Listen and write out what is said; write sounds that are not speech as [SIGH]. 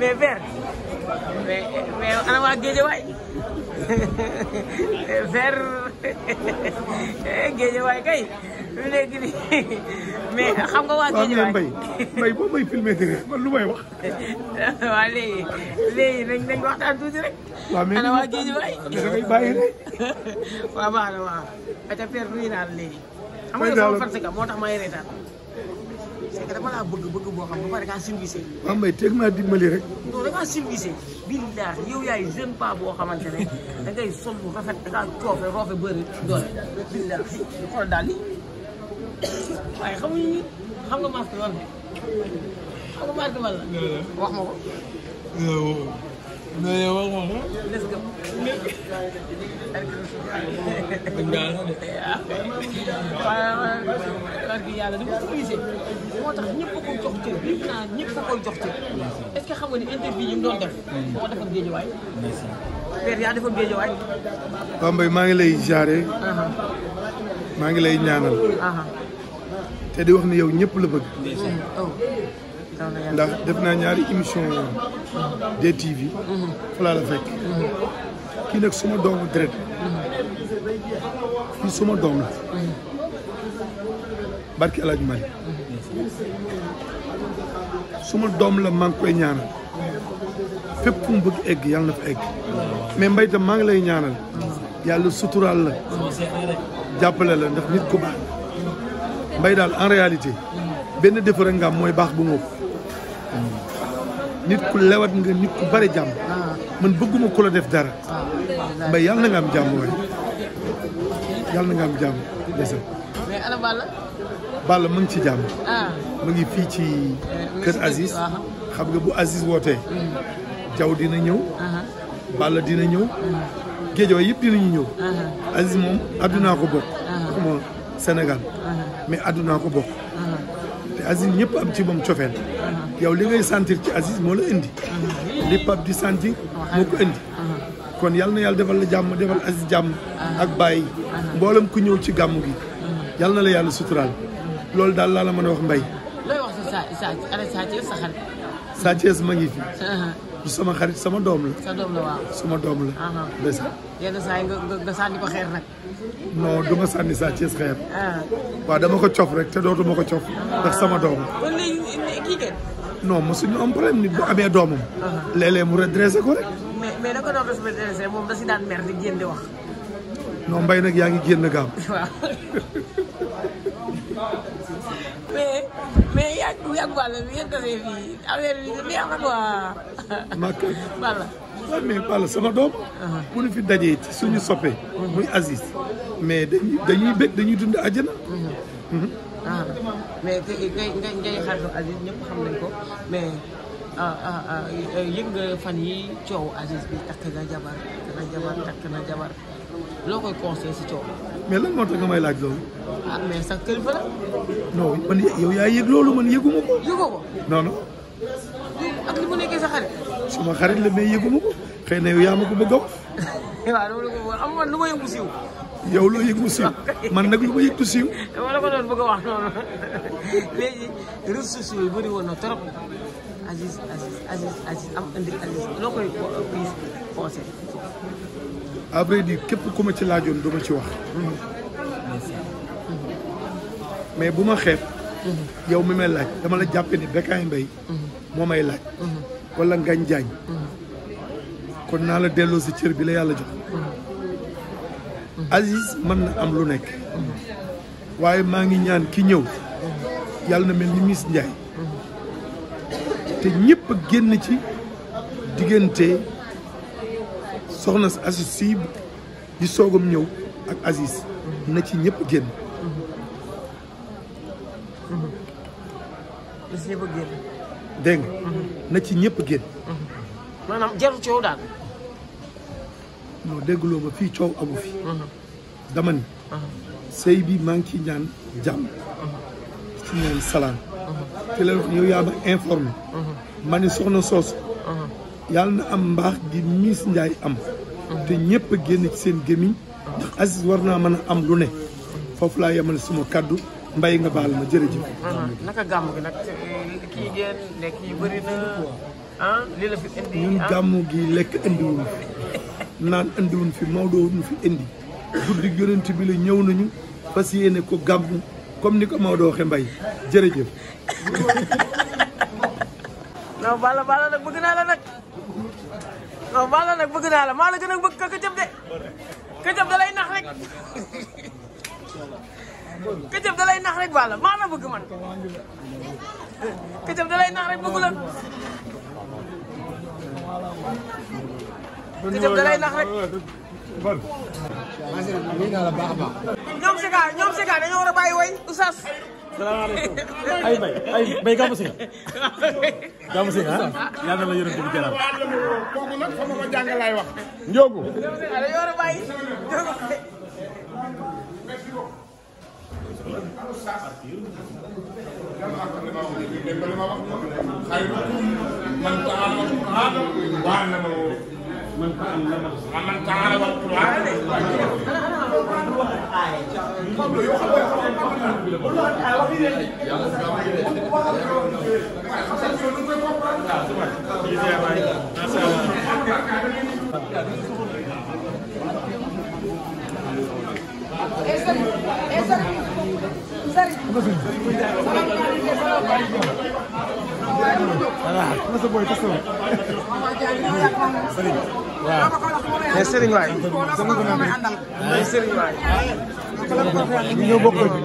mais vert mais mais ana waa Géejawaay vert Géejawaay kay lu nekk nii mais xam nga waa Géejawaay mbay mbay bay may filmé dëgg man lu may wax [LAUGHS] waaw léegi léegi nañ nañ waxtaan tuuti rek ana waa Géejawaay [LAUGHS] waaw baax na waaw aca père nuyu naa la léegi xam nga sama farce ka moo tax may que dama bëgg bëgg boo xam ba pare da ngaa service. waaw mbay teg maa dimbali rek. non da ngaa service. billahi yow yaay jeune pa boo xamante ne da ngay sol bu rafet da ngaa coofe roofe bëri doole. billahi xool daal li waaye xam nga marque wàll xam nga marque wàll wax ma ko. Euh, non yow wax nga ko. let's go. moo tax ñëpp a jox cër bi naa ñëpp a ko jox cër est-ce que xam nga ni interview yi mu doon def. Mm. moo defoon géejewaay. père yaa defoon géejewaay. Pape maa ngi lay jaaree. maa ngi lay ñaanal. te di wax ni yow ñëpp la bëgg. Mm, oh. ndax def naa ñaari émission DTV fa laa la fekk kii nag suma doomu deret kii suma doom la barki alaaj été suma doom la maa ngi koy ñaanal fépp mu bëgg egg yàlla na fa egg mais mbay tam maa ngi lay ñaanal yàlla suturaal la jàppale la ndax nit ku baax mbay daal en réalité benn défaut rek nga mooy baax bu ngóob nit ku lewat nga nit ku bari jàmm. Ah. man bëgguma ku def dara. Ah. mbay yàlla na nga am jàmm waay yàlla na nga am Balla. Balla ci jàmm. Ah. mu ngi fii ci eh, kër Aziz. xam nga bu Aziz wootee. Hmm. Jaw dina ñëw. Balla dina ñëw. Hmm. Géejawaay yëpp dinañu ñëw. Aziz moom àddunaa ko bokk. xuma Sénégal. mais àddunaa ko bokk. te Aziz ñëpp am ci moom cofeel yow li ngay sentir ci Aziz moo la indi uh-huh. li Pape di sentir moo ko indi uh-huh. kon yal na yàlla defal la jàmm defal Aziz jàmm uh-huh. ak bàyyi mboolem ku ñëw ci gàmm gi yal na la yàlla suturaal loolu daal laa la mën a wax mbay looy wax sa sa sa sa xarit Sa ma ngi xarit sama doom la sa doom la waaw sama doom la bés yenn saa yi nga sànni ko xeer nag non du sànni Sa Thiès xeer waaw dama ko cof rek te dootuma ko cof ndax sama doom non mosuñu am problème nit bu amee doomam. léeg mu redressé ko rek. mais mais moom da si daan mer di génn di wax. non mbay nag yaa ngi génn gaaw. [LAUGHS] waaw mais yaa ngi Balla bi ngeen defee fii affaire bi neex na quoi. màkk sama doom. bu uh-huh. ñu fi dajee ci suñu soppe uh-huh. muy Aziz. mais dañuy dañuy bëgg dañuy dund àjjana. Uh-huh. ah mais kay kay ngay xaritu ñëpp xam nañ ko mais ah, ah, ah, yëg nga fan yi coow Aziz bi takk na jabar takk koy conseil si coow. mais lan moo tax nga may laaj loolu. mais sa kër fa la. non man yow yaa yëg loolu man yëgu ma ko. la mais yëgu ma ko xëy na yow yaa ma ko bëgg a [LAUGHS] yow loo yëg siiw man nag lu ma yëg siiw. dama la ko doon bëgg a wax noonu léegi réseaux sociaux yi bëri woon na trop Aziz képp ku ma ci laajoon du ma ci wax. mais bu ma xeeb. yow mi may laaj dama la jàppe ni Bécaye Mbaye moo may laaj. wala Ngagne kon naa la delloo si cër bi la yàlla jox. Aziz mën na am lu nekk waaye maa ngi ñaan ki ñëw yàlla na mel ni Miss Ndiaye te ñëpp génn ci diggante soxna Astou Sy di soogam ñëw ak Aziz na ci ñëpp génn na dégg na ci ñëpp génn mhm. mhm. maanaam non déggloo ba fii coow amu fi. Mhm. dama ni. Mhm. sëy bi maa ngi ciy ñaan jàmm. Mhm. ci ñaan salaam. te la yow yaa ma informé. ma ne soxna soosu. yàlla na am mbaax gi Miss Ndiaye am. te ñëpp a génn ci seen gémmiñ. ndax Aziz war naa mën a am lu ne. foofu laa yemal suma kàddu mbay nga baal ma jërëjëf. naka gi nag eh, ah, la fi indi. ñun ah? gàmm gi lekk indiwul. naan indiwuñ fi Maodo wuñ fi indi guddi yonent bi la ñëw nañu fas yéene ko gàmmu comme ni ko Maodo waxee mbay jërëjëf. [LAUGHS] non Balla Balla nag bëgg naa la nag nag bëgg gën a ka këjëb de këjëb da lay nax rek [LAUGHS] këjëb da lay nax rek Balla maa la bëgg man këjëb da lay nax rek bëggu këjëf da lay nax rek. ñoom Sika ñoom Sika dañoo war a bàyyi woy Oustaz. salaamaaleykum ay bay ay bay gàmmu si nga. gàmmu si nga ah. yal na la yërëm di jaral. kooku nag xam nga ko jàng laay wax. Ndiogu. dañoo war a bàyyi Ndiogu. man ta'allama al-Qur'an Essa boa, essa boa. waaw mais Serigne waay. Serigne waay. ñu